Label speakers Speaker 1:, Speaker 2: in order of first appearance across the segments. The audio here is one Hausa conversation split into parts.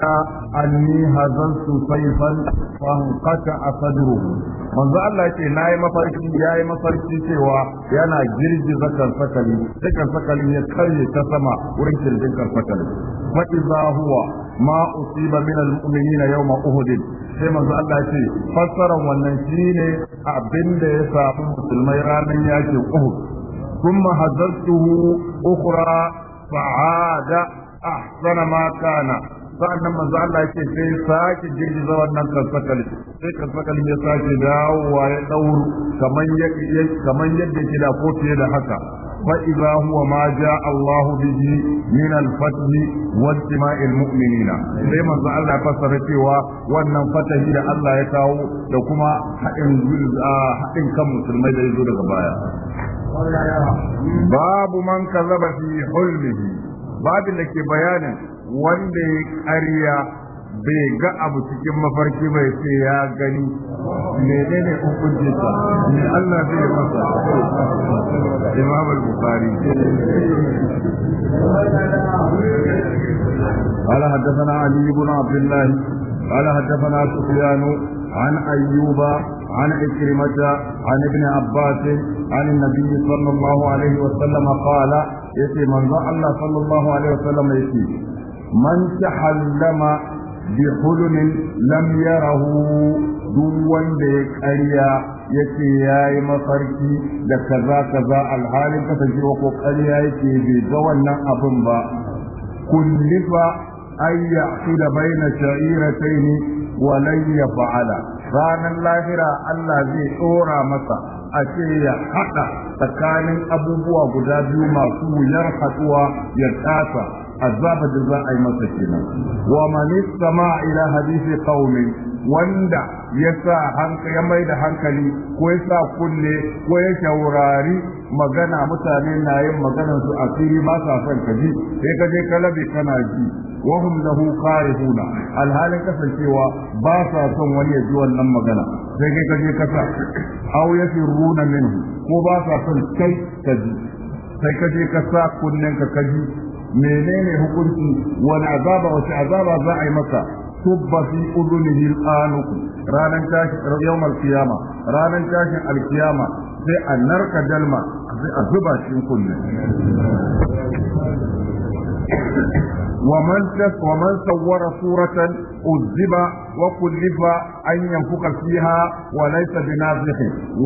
Speaker 1: anni hazantu sayfan fanqata asdru manzo Allah yake nayi mafarki yayi mafarki cewa yana girgiza karfakali sai karfakali ya karye ta sama wurin kirjin karfakali fa idza huwa ma usiba min almu'minina yawma uhud sai manzo Allah ce fassaran wannan shine abinda ya samu musulmai ranar yakin uhud ثم هزرته أخرى فعاد أحسن ما كان sa'annan manzo Allah yake sai sake girgiza wannan sai ya sake dawowa ya dauru kaman kaman yadda yake da ko fiye da haka fa idza huwa ma jaa Allah bihi min al-fath wa istima'i al-mu'minina sai manzo Allah ya fassara cewa wannan fatahi da Allah ya kawo da kuma haɗin haɗin kan musulmai da yazo daga baya babu man kazaba fi hulmihi babin da ke bayanin wanda ya ƙarya bai ga abu cikin mafarki bai sai ya gani menene hukunci ta ne Allah zai masa Imam al-Bukhari قال حدثنا علي بن عبد الله قال حدثنا سفيان عن أيوب عن إكرمة عن ابن عباس عن النبي صلى الله عليه وسلم قال يتي من الله صلى الله عليه وسلم يتي man tahallama bi hulmin lam yarahu duk wanda ya ƙarya yace yayi mafarki da kaza kaza alhalin kasancewa ko ƙarya yake bai ga wannan abin ba kullifa an ya'qila baina sha'iratayn wa lan yaf'ala ranan lahira Allah zai tsora masa a ce ya haɗa tsakanin abubuwa guda biyu masu wuyar haɗuwa ya ƙasa. azaba da za a yi masa kenan wa man istama ila hadisi qaumi wanda ya sa ya mai da hankali ko ya sa kunne ko ya shaurari magana mutane na yin maganar su asiri ba sa son ka ji sai ka je kalabi kana ji wa hum lahu qarihuna alhalin kasancewa ba sa son wani ya ji wannan magana sai kai ka je aw yasiruna minhu ko ba sa son kai ka sai ka ka sa kunnen ka kaji menene hukunci wani azaba wace azaba za a yi masa tubba fi udunihi al'anuku ranar tashin yawmal kiyama ranar tashin alkiyama sai a narka dalma sai a zuba cikin kunne ومن ومن صور صورة أذب وكلف أن ينفق فيها وليس بنازح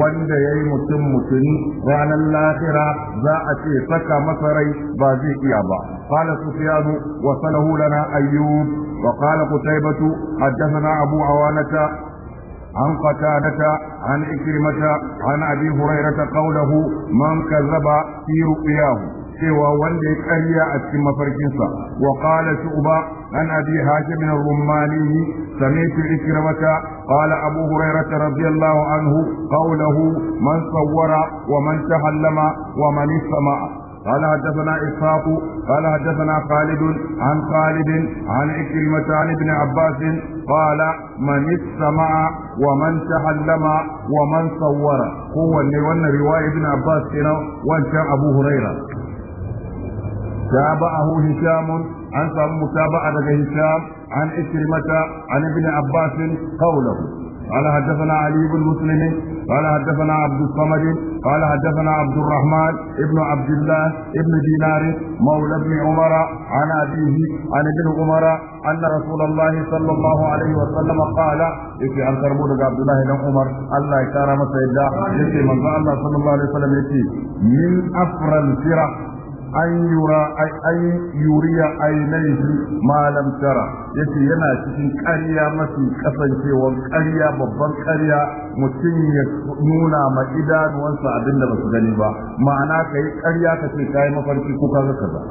Speaker 1: وند يي متم متن وعلى الآخرة ذا أتي سكا مصري بازيك يابا قال سفيان وصله لنا أيوب وقال قتيبة حدثنا أبو عوانة عن قتادة عن إكرمة عن أبي هريرة قوله من كذب في رؤياه cewa wanda ya karya a cikin mafarkinsa wa qala shu'ba an abi min bin rumani sami'tu ikramata qala abu hurairah radiyallahu anhu qawluhu man sawwara wa man tahallama wa man istama'a قال حدثنا إسحاق قال حدثنا خالد عن خالد عن إكرمة عن ابن عباس قال من استمع ومن تحلم ومن صور هو اللي رواية ابن عباس هنا وانت أبو هريرة تابعه هشام عن سامو متابعة هشام عن إكرمة عن ابن عباس قوله قال حدثنا علي بن مسلم قال حدثنا عبد الصمد قال حدثنا عبد الرحمن ابن عبد الله ابن دينار مولى ابن عمر عن أبيه عن ابن عمر أن رسول الله صلى الله عليه وسلم قال يكي أن تربون عبد الله بن عمر الله يكرم سيدا يكي من الله صلى الله عليه وسلم يكي من أفر الفرق an yura an yuriya ainihi ma malam tara yace yana cikin ƙarya mafi kasancewar ƙarya babban ƙarya mutum ya nuna ma idanuwansa abin da basu gani ba ma'ana kai ƙarya ka ce yi mafarki ko ka ga?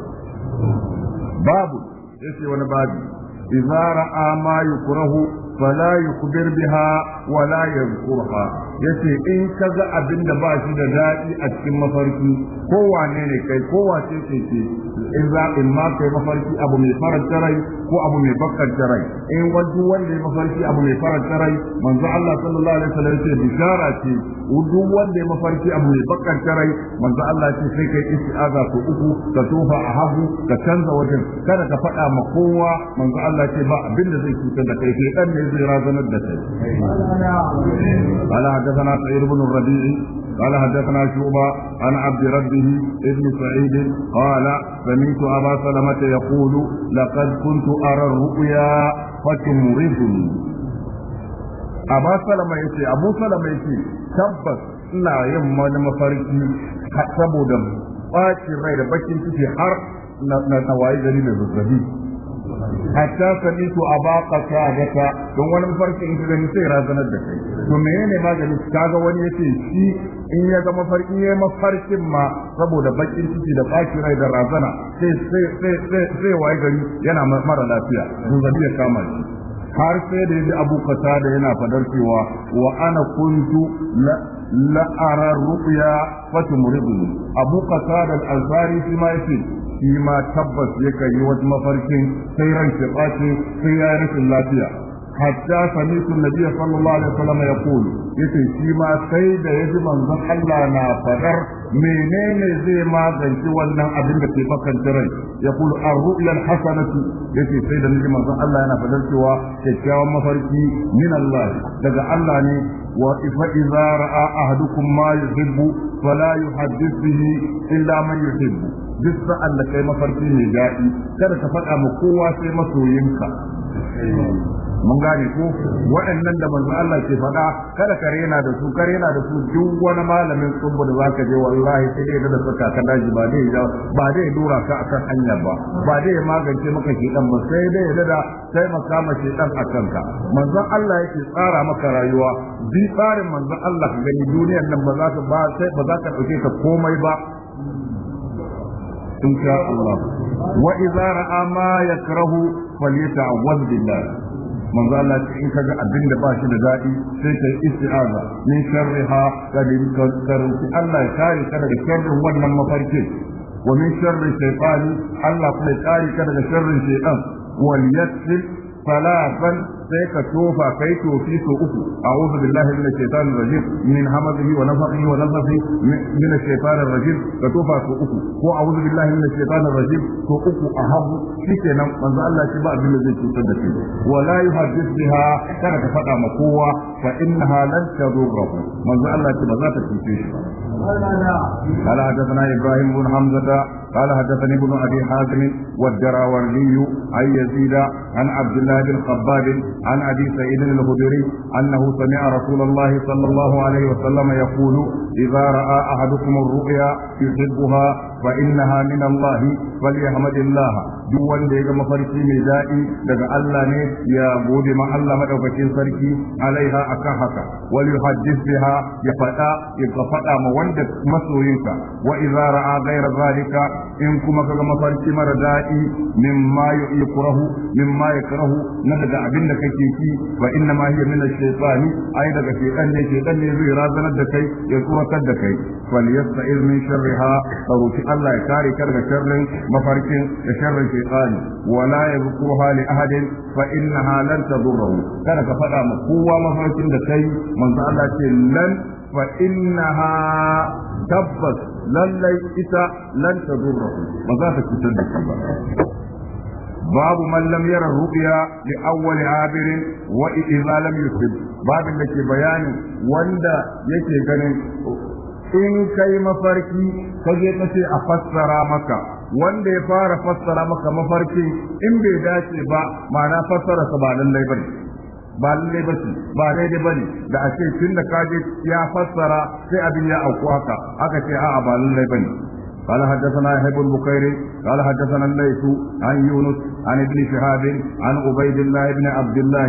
Speaker 1: babu yace wani babu idza ra'a ma yukrahu fala yukbir biha wala yadhkurha yace in ka ga abin da ba shi da daɗi a cikin mafarki kowane ne kai kowa ce ce ce in za in ma kai mafarki abu mai faranta rai ko abu mai bakkanta rai in wani wanda ya mafarki abu mai faranta rai manzo Allah sallallahu alaihi wasallam ce bishara ce duk wanda ya mafarki abu mai bakkanta rai manzo Allah ce sai kai isti'aza ko uku ka tofa a hagu ka canza wajen kada ka faɗa ma kowa manzo Allah ce ba abin da zai cutar da kai sai dan ne zai razanar da kai حدثنا سعيد بن الربيع قال حدثنا شعبة عن عبد ربه ابن سعيد قال سمعت أبا سلمة يقول لقد كنت أرى الرؤيا فتمرضني أبا سلمة يتي أبو سلمة يتي تبت ina yin wani mafarki saboda bacin rai da bakin ciki har na waye gari da zazzabi hatta a aba gasa, don wani mafarki in gani sai razanar da kai to menene magani kaga wani yace shi in ya ga mafarki ya mafarkin ma saboda bakin ciki da baki rai da razana sai sai sai sai sai waye gari yana mara lafiya zazzabi ya kama shi har sai da yaji abu da yana fadar cewa wa ana kuntu la'ara ru'ya wa tumridu abu qasada al-ansari shi ma yake tabbas yakan yi wata mafarkin sai ran shi sai ya rashin lafiya hatta sami'tu nabiyya sallallahu alaihi wasallam yaqulu yace shi ma sai da yaji manzon Allah na fadar menene zai magance wannan abin da ke bakan rai yaqulu ar-ru'ya al-hasanatu yace sai da naji manzon Allah yana fadar cewa kyakkyawan mafarki min Allah daga Allah ne wa ifa idza ra'a ahadukum ma yuhibbu fala yuhaddith bihi illa man yuhibbu duk sa'an da kai mafarki mai daɗi kada ka faɗa ma kowa sai masoyinsa. mun gane ko waɗannan da manzo Allah ke faɗa kada ka rena da su ka rena da su duk wani malamin tsubbu da zaka je wallahi sai dai da suka ka daji ba dai ba dai dora ka akan hanyar ba ba dai magance maka dan ba sai dai da sai maka ma dan akan ka manzo Allah yake tsara maka rayuwa bi tsarin manzo Allah ga gani duniyar nan ba za ka ba sai ba za ka dauke ka komai ba in sha Allah wa idza ra'a ma yakrahu manzo Allah ce in kaga abin da ba shi da dadi sai kai isti'aza min sharriha kadin kadin Allah ya kare ka daga sharrin wannan mafarkin wa min sharri shaytani Allah kuma ya kare ka daga sharrin shaytan wal yassir salatan sai ka tofa kai tofi so uku a a'udhu billahi minash shaitanir rajim min hamazihi wa nafthihi wa nafthihi minash shaitanir rajim ka tofa so uku ko a a'udhu billahi minash shaitanir rajim so uku a hagu nan, manzo Allah shi ba abin da zai cutar da shi wa la yuhaddith biha kada ka fada ma kowa fa innaha lan tadurruhu manzo Allah shi ba za ta cuce shi قال حدثنا ابراهيم بن حمزه قال حدثني ابن ابي حازم والدراوردي عن يزيد عن عبد الله بن خباب عن أبي سعيد الخدري أنه سمع رسول الله صلى الله عليه وسلم يقول إذا رأى أحدكم الرؤيا يحبها فإنها من الله فليحمد الله duk wanda ya ga mafarki mai daɗi daga Allah ne ya gode ma Allah madaukakin sarki alaiha akan haka wal yuhaddith biha ya fada ya fada ma wanda masoyinka wa idza ra'a ghayra zalika in kuma kaga mafarki mara daɗi mimma yukrahu mimma yakrahu na daga abin da kake ki wa inna ma hiya min ash-shaytani ai daga shaytan ne shaytan ne zai razanar da kai ya tsoratar da kai fal yasta'ir min sharriha saruti Allah ya kare ka daga sharrin mafarkin da sharrin الشيطان ولا يذكرها لأحد فإنها لن تضره كان كفتا مقوة مفاكين دكي من الله لن فإنها تبت لن ليس لن تضره مزافة تدكي باب من لم يرى الرؤيا لأول عابر وإذا لم يصب باب التي بيان وندا يكي ganin in kai mafarki ka je ka ce a fassara maka wanda ya fara fassara maka mafarkin in bai dace ba ma'ana fassara sa ba lallai bane ba lallai ba ba daidai ba ne da a ce tun da kaje ya fassara sai abin ya auku haka aka ce a'a ba lallai bane قال حدثنا يحيى بن بكير قال حدثنا الليث عن يونس عن ابن شهاب عن عبيد الله بن عبد الله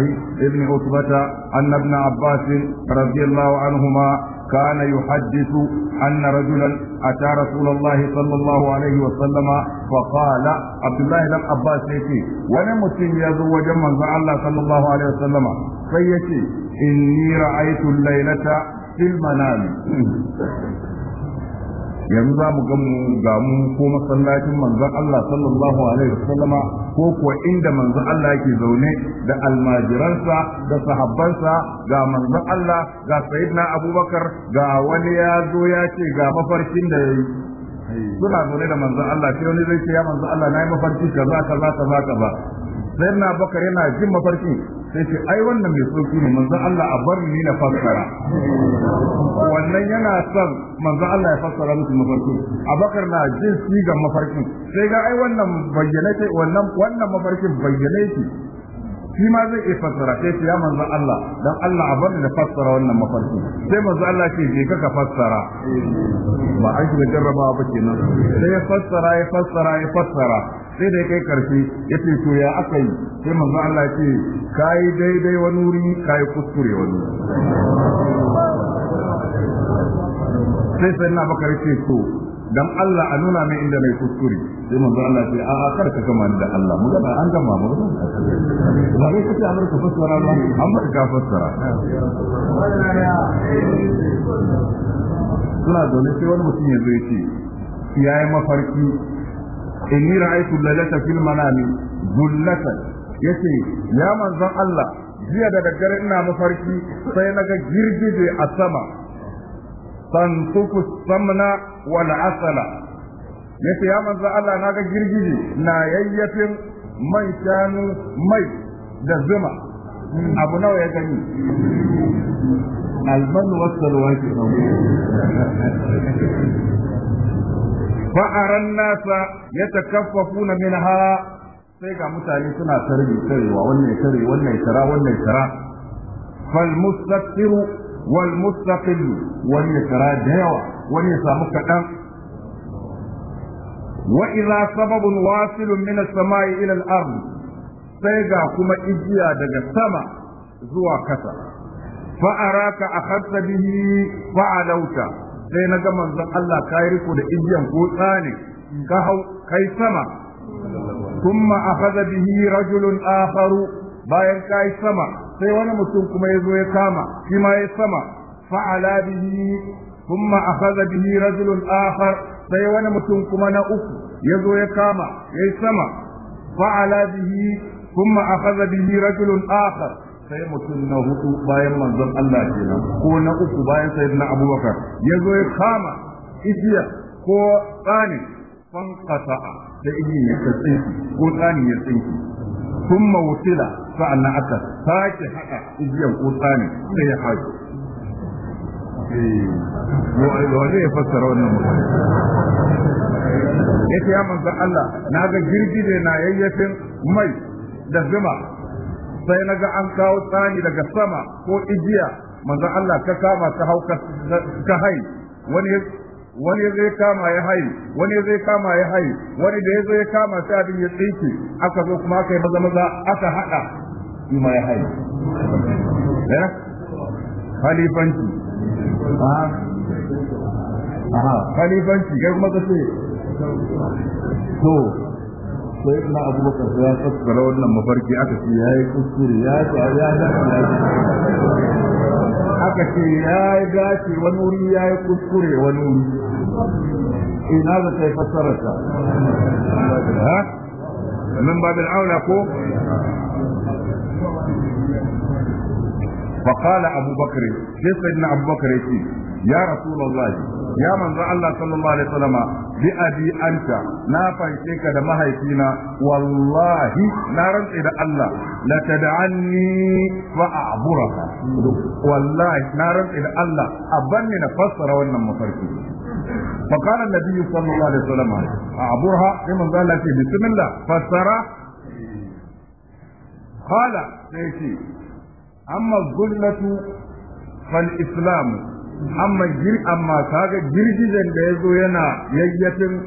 Speaker 1: بن عتبة عن ابن عباس رضي الله عنهما كان يحدث أن رجلا أتى رسول الله صلى الله عليه وسلم فقال عبد الله بن عباس يتي ونمت يزو وجمع الله صلى الله عليه وسلم فيتي إني رأيت الليلة في المنام yanzu za mu ga mu ga mu ko masallacin manzon Allah sallallahu alaihi wasallam ko ko inda manzon Allah yake zaune da almajiransa da sahabbansa ga manzon Allah ga sayyidina Abubakar ga wani ya zo ya ce ga mafarkin da yayi suna zaune da manzon Allah sai wani zai ce ya manzon Allah na yi mafarki kaza kaza kaza kaza sai na bakar yana jin mafarki sai ce ai wannan mai sauki ne manzon Allah a bar ni na fassara wannan yana son manzon Allah ya fassara musu mafarki abakar na jin sigan mafarki sai ga ai wannan ce wannan wannan mafarkin bayyana ce shi ma zai iya fassara sai ya manzon Allah dan Allah a bar ni na fassara wannan mafarki sai manzon Allah ce je ka fassara ba an shiga jarrabawa ba kenan sai ya fassara ya fassara ya fassara sai da kai karshe ya ce to ya aka yi sai manzo Allah ce kai daidai wani wuri kai kuskure wani sai sai na baka rike to dan Allah a nuna mai inda mai kuskure sai manzo Allah ce a a kar ka gama da Allah mu ga an gama mu ba kai kace amma ka fassara ba amma ka fassara suna zaune sai wani mutum ya zo ya ce yayi mafarki inni ra'aytu lalata fil manami gullatan yace ya manzon Allah jiya da daddare ina mafarki sai naga girgije a sama tansuku samna wal asala yace ya manzon Allah naga girgije na yayyafin man shanu mai da zuma abu nawa ya gani alman wasu fa'aran nasa ya ta funa min minha sai ga mutane suna sarri sarrewa wannan ya sarri wannan ya tara wannan ya tara fal mustaqiru wal mustaqil wani ya tara da yawa wani ya samu kaɗan wa idza sababun wasilun min as-sama'i ila al-ard sai ga kuma igiya daga sama zuwa kasa fa araka akhadta bihi fa alauta sai na ga manzon Allah kai riko da igiyan ko ne ka hau kai sama kuma akhadha bihi rajulun akharu bayan kai sama sai wani mutum kuma ya zo ya kama shi ma ya sama fa'ala bihi kuma akhadha bihi rajulun akhar sai wani mutum kuma na uku ya zo ya kama ya sama fa'ala bihi kuma akhadha bihi rajulun akhar sai mutum na hudu bayan manzon Allah kenan ko na uku bayan sayyidina Abubakar ya zo ya kama igiya ko tsani fankasa da igiya ya tsinki ko tsani ya tsinki kuma wutila sa'annan aka sake haɗa igiyan ko tsani sai ya haɗu eh, wani ya fassara wannan mutum ya ce ya manzon Allah na ga girgije na yayyafin mai da zuma sai na ga an kawo tsani daga sama ko igiya manzon Allah ka kama ka hau ka hai wani wani zai kama ya hai wani zai kama ya hai wani da yazo ya kama sai abin ya tsinke aka zo kuma aka yi maza maza aka hada shi ma ya hai eh khalifanci ah khalifanci kai kuma kace to sai na abu bakar ya kaskara wannan mafarki aka ce ya yi kuskure ya yi ya dace aka ce ya yi dace wani wuri ya yi kuskure wani wuri ina da kai fassararsa ha nan babin aula ko فقال أبو بكر ليس سيدنا أبو بكر يتي يا رسول الله يا من الله صلى الله عليه وسلم بأبي أنت نافع شيك دمها يتينا والله نارا إلى الله لتدعني فأعبرها والله نارا إلى الله أبني نفسر وإنما مفركي فقال النبي صلى الله عليه وسلم أعبرها لمن قال بسم الله فسر قال سيتي amma zulmatu fal islam amma gir amma kaga girgijen da yazo yana yayyafin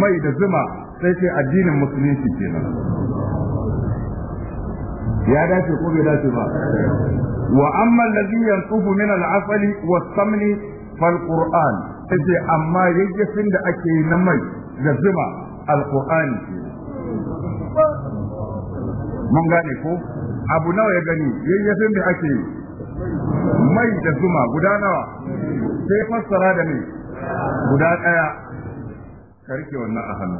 Speaker 1: mai da zuma sai ce addinin musulunci kenan ya dace ko bai dace ba wa amma alladhi yanqubu min al-asali was-samni fal-qur'an sai amma yayyafin da ake na mai da zuma al-qur'ani mun gane ko abu nawa ya gani yayyafin da ake yi mai da zuma guda nawa sai fassara da ne guda ɗaya karke wannan a hannu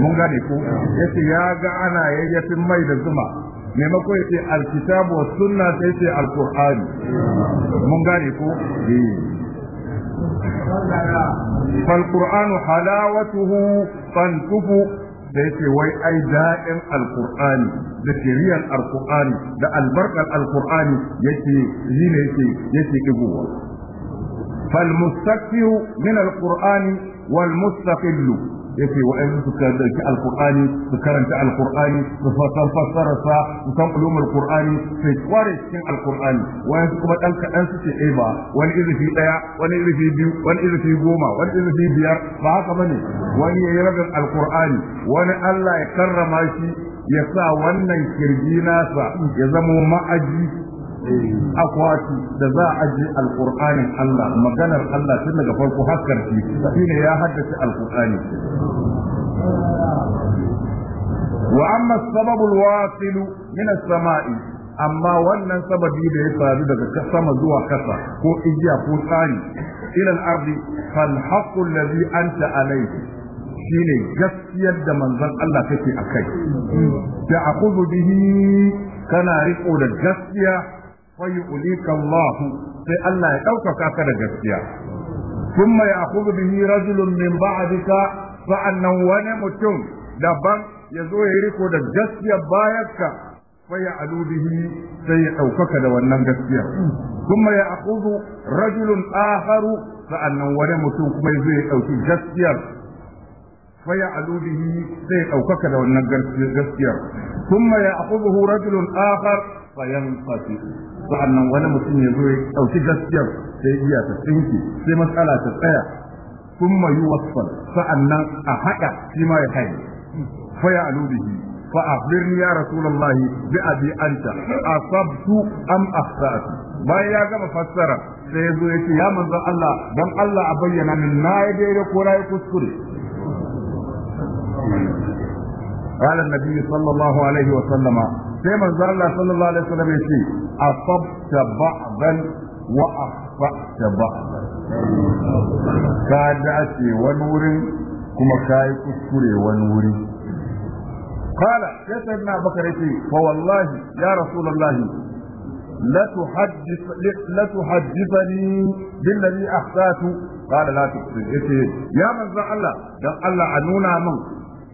Speaker 1: mun gane ko yace ya ga ana yayyafin mai da zuma maimako ya ce alkitabu wa sunna sai ce alkur'ani mun gane ko فالقرآن حلاوته تنكف da yake wai ai da'in alqur'ani da shari'ar alqur'ani da albarkar alqur'ani yake yi ne yake yake digowa min من wal والمستقل yake wa'ansu su dauki Alƙur'ani, su karanta Alƙur'ani, su fassara fassararsa sa su san ulumar qur'ani sai kware cikin alqur'ani wa'ansu kuma ɗan kadan suke eh ba wani izifi ɗaya, wani izifi biyu wani izifi goma wani izifi biyar ba haka bane wani yayi rabin Alƙur'ani wani Allah ya karrama shi ya sa wannan kirji nasa ya zama ma'aji akwati da za a aje Alkur'ani Allah maganar Allah tun daga farko har karshe shine ya haddace Alkur'ani. wa amma sababu alwasilu min as-sama'i amma wannan sababi da ya faru daga sama zuwa kasa ko igiya ko tsari ila al-ardi fal haqqu alladhi anta alayhi shine gaskiyar da manzon Allah kake a kai da akuzu bihi kana riko da gaskiya fa yu'lika Allah sai Allah ya ɗaukaka ka da gaskiya kuma ya akhudhu bihi rajulun min ba'dika sa'annan wani mutum daban ya zo ya yi riko da gaskiya bayanka fa ya alu bihi sai ya ɗaukaka da wannan gaskiya kuma ya akhudhu rajulun akharu sa'annan wani mutum kuma ya zo ya ɗauki gaskiyar faya alubihi sai ya ɗaukaka da wannan gaskiyar kuma ya akubuhu rajulun akhar fayanfati sa'annan wani mutum ya zo ya ɗauki gaskiyar sai iya ta tsinki sai matsala ta tsaya kuma yuwaffal sa'annan a haɗa shi ma ya haye faya alubihi فأخبرني يا رسول الله بأبي A أصبت an أخطأت bayan ya gama fassara sai ya zo ya ce ya manzo Allah dan Allah a bayyana min na ya daidai ko na ya kuskure قال النبي صلى الله عليه وسلم sai manzo Allah sallallahu alaihi wasallam ya ce asabta ba'dan wa akhfa'ta ba'dan ka dace wani wurin kuma kai kuskure wani wuri قال يا سيدنا بكر فوالله يا رسول الله لتحدث لتحدثني بالذي اخطات قال لا تقصد يا من الله دان الله انونا من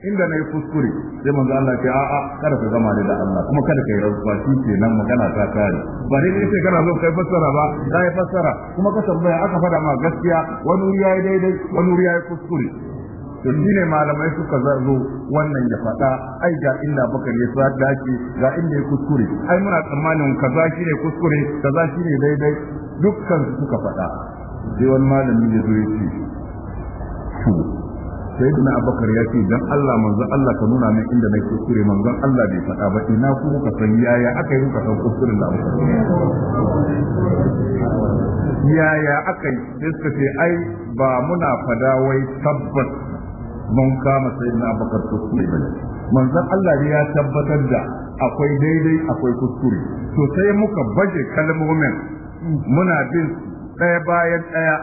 Speaker 1: inda na yi kuskure sai manzo Allah ya ce a'a kada ka gama da Allah kuma kada ka yi rauwa shi kenan magana ta kare ba dai sai kana zo kai fassara ba ya fassara kuma ka tambaya aka fada ma gaskiya wani wuri yayi daidai wani wuri yayi kuskure to shine malamai suka zo wannan ya faɗa ai ga inda bakar su sa dace ga inda ya kuskure ai muna tsammanin kaza ne kuskure kaza ne daidai dukkan su suka faɗa sai wani malami ya zo ya ce sayyidina abubakar ya ce dan Allah manzo Allah ka nuna min inda na kuskure manzo Allah bai faɗa ba ina ku ka san yaya aka yi ka san kuskuren da abubakar yaya aka yi sai suka ce ai ba muna fada wai tabbas mun kama sayyidina abubakar kuskure ba ne? manzo Allah ne ya tabbatar da akwai daidai akwai kuskure to sai muka baje kalmomin muna bin ɗaya bayan ɗaya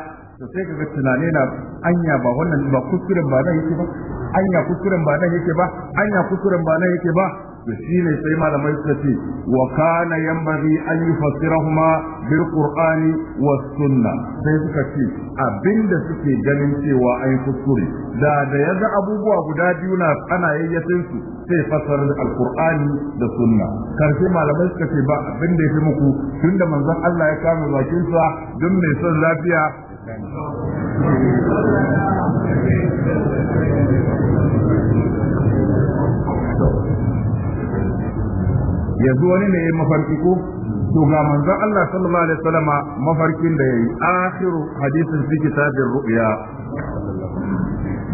Speaker 1: to sai ga tunani na anya ba wannan ba kuskuren ba nan yake ba anya kuskuren ba nan yake ba anya kuskuren ba nan yake ba to shine sai malamai suka ce wa kana yanbaghi an yufassirahuma bil qur'ani was sunna sai suka ce abinda suke ganin cewa ai kuskure da da yaga abubuwa guda biyu na ana yayyafin su sai fasarar da alqur'ani da sunna karshe malamai suka ce ba abinda yafi muku tunda manzon Allah ya kama bakin sa don mai son lafiya yanzu wani ne mafarki ko to ga manzon Allah sallallahu alaihi wasallam mafarkin da yayi akhiru hadisin fi kitabir ru'ya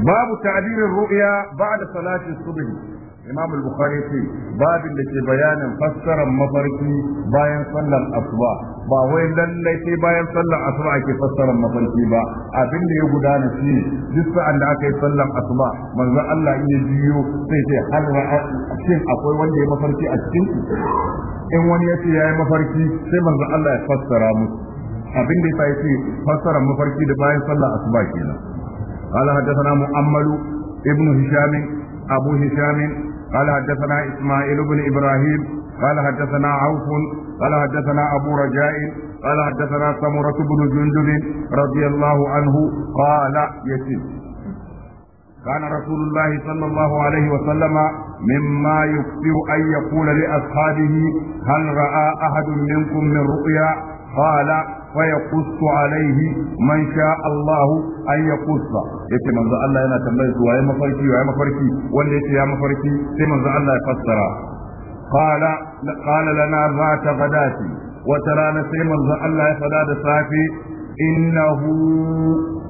Speaker 1: babu ta'dirir ru'ya ba'da salati subhi imam bukhari ce babin da ke bayanin fassarar mafarki bayan sallar asuba ba wai lallai sai bayan sallar asuba ake fassarar mafarki ba abin da ya gudana shi duk sa'an da aka yi sallar asuba manzo Allah in ya biyo sai sai har shin akwai wanda ya mafarki a cikin in wani ya ce yayi mafarki sai manzo Allah ya fassara musu abin da ya ce fassarar mafarki da bayan sallar asuba kenan قال حدثنا محمد ابن هشام أبو هشام قال حدثنا إسماعيل بن إبراهيم قال حدثنا عوف قال حدثنا أبو رجاء قال حدثنا سمرة بن جندب رضي الله عنه قال يسير كان رسول الله صلى الله عليه وسلم مما يكثر أن يقول لأصحابه هل رأى أحد منكم من رؤيا قال ويقص عليه من شاء الله أن يقص يتي منذ الله ينا تنبيه ويا مفركي ويا مفركي والذي يا مفركي سي منذ الله يفسر قال قال لنا ذات غداة وترانا سي منذ الله يفدا سافي إنه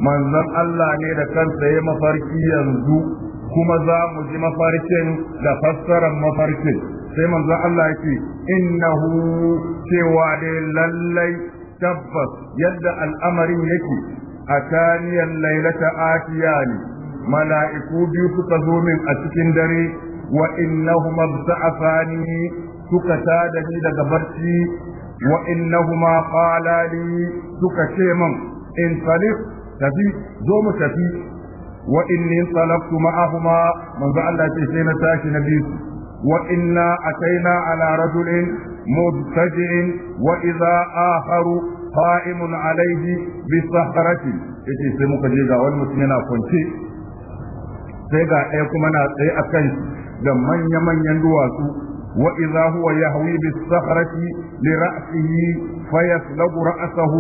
Speaker 1: منذ الله نيدا كان سي مفركي ينزو kuma za mu ji mafarkin da fassarar mafarkin sai manzo Allah ya ce innahu cewa dai lallai tabbas yadda al'amarin yake ataniyan lailata ne mala'iku biyu suka zo min a cikin dare wa innahuma za'afani suka tada ni daga barci wa innahuma qala suka ce min in salif tafi zo mu tafi wa inni talaftu ma'ahuma manzo Allah ce sai na tashi na biyu وإنا أتينا على رجل مضطجع وإذا آخر قائم عليه بصحرة يتي سمو كجيغا والمسلمين كنتي سيغا ايكم أنا اي اكنش من يمن يندواسو وإذا هو يهوي بالصخرة لرأسه فيسلب رأسه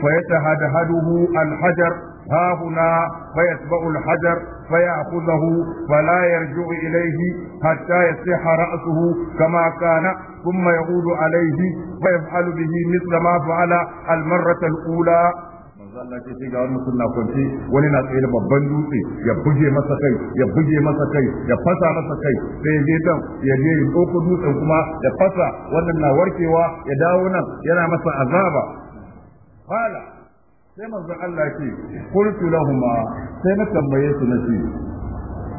Speaker 1: فيتهدهده الحجر ها هنا فيتبع الحجر فيأخذه فلا يرجع إليه حتى يصح رأسه كما كان ثم يعود عليه فيفعل به مثل ما فعل المرة الأولى Allah ce sai ga wani suna kwanci wani na tsaye da babban dutse ya buge masa kai ya buge masa kai ya fasa masa kai sai ya je dan ya je ya ɗauko dutsen kuma ya fasa wannan na warkewa ya dawo nan yana masa azaba Fala. sai manzon Allah ce qultu lahumma sai na tambaye su na ce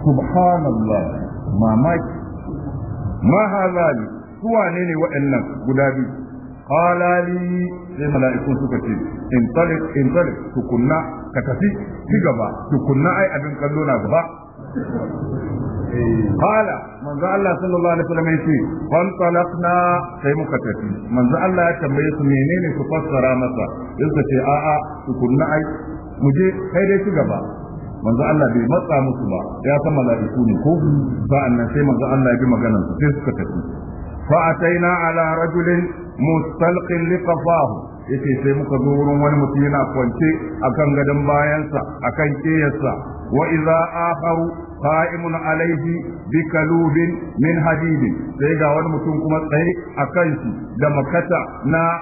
Speaker 1: subhanallah mamaki ma halali kuwa ne ne waɗannan guda biyu Halali, sai mala'ikun suka ce in talik in talik tukunna ka tafi ci gaba tukunna ai abin kallo na gaba Kala manzo Allah sallallahu alaihi wasallam yace wan talaqna sai muka tafi manzo Allah ya tambaye su menene su fassara masa yadda ce a a kunna ai mu je kai dai ci gaba manzo Allah bai matsa musu ba ya san mala'iku ne ko nan sai manzo Allah ya bi maganar su sai suka tafi fa ataina ala rajulin mustalqin liqafahu yace sai muka zo wurin wani mutum yana kwance akan gadon bayansa akan keyarsa, وإذا آخر قائم عليه بكلوب من حديد سيدا ونمتون كما تسعي أكيسي لما كتا نا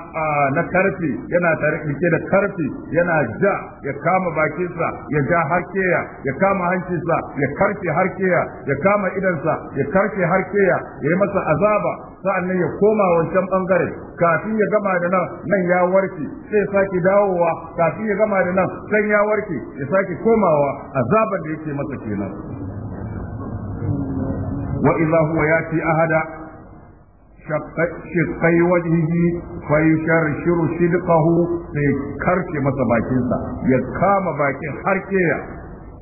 Speaker 1: نكرتي ينا تاريك كده كرتي ينا جا يكام باكيسا يجا هركيا يكام هنكيسا يكرتي هركيا يكام إدنسا يكرتي هركيا يمسا أزابا Sa'an sa'annan ya koma wancan bangare kafin ya gama da nan nan ya warke sai sake dawowa kafin ya gama da nan sai ya warke ya sake komawa azaban da yake masa kenan wa idza huwa yati ahada shaqqai wajhihi fa yusharshiru shidqahu sai karke masa bakinsa ya kama bakin harkeya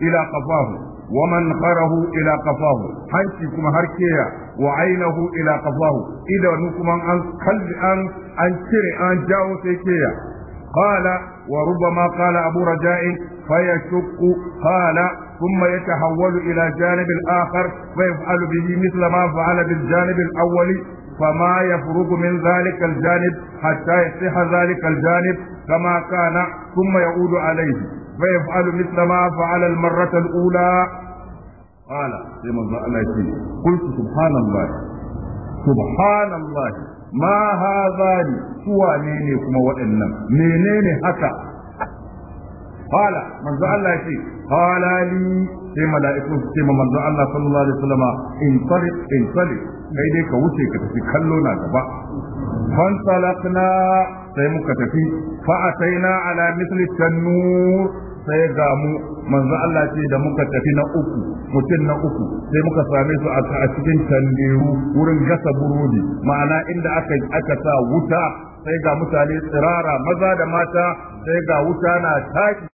Speaker 1: ila qafahu ومن خره إلى قفاه حنشكم هركيا وعينه إلى قفاه إذا نكم أن خل أن أنشر أن جاو سيكيا قال وربما قال أبو رجاء فيشك قال ثم يتحول إلى جانب آخر ويفعل به مثل ما فعل بالجانب الأول فما يفرغ من ذلك الجانب حتى يصح ذلك الجانب كما كان ثم يعود عليه فيفعل مثل ما فعل المرة الأولى قال قلت سبحان الله سبحان الله ما هذا سوى نيني كما وإنما نيني هكا qala manzo Allah ya ce qala li sai mala'iku su ce manzo Allah sallallahu alaihi wasallam in tariq in tariq kai dai ka wuce ka tafi kallo na gaba fantalaqna sai muka tafi fa ataina ala misli tannur sai ga mu manzo Allah ce da muka tafi na uku mutum na uku sai muka same su a cikin tanderu wurin gasa burodi ma'ana inda aka aka sa wuta sai ga mutane tsirara maza da mata sai ga wuta na
Speaker 2: taki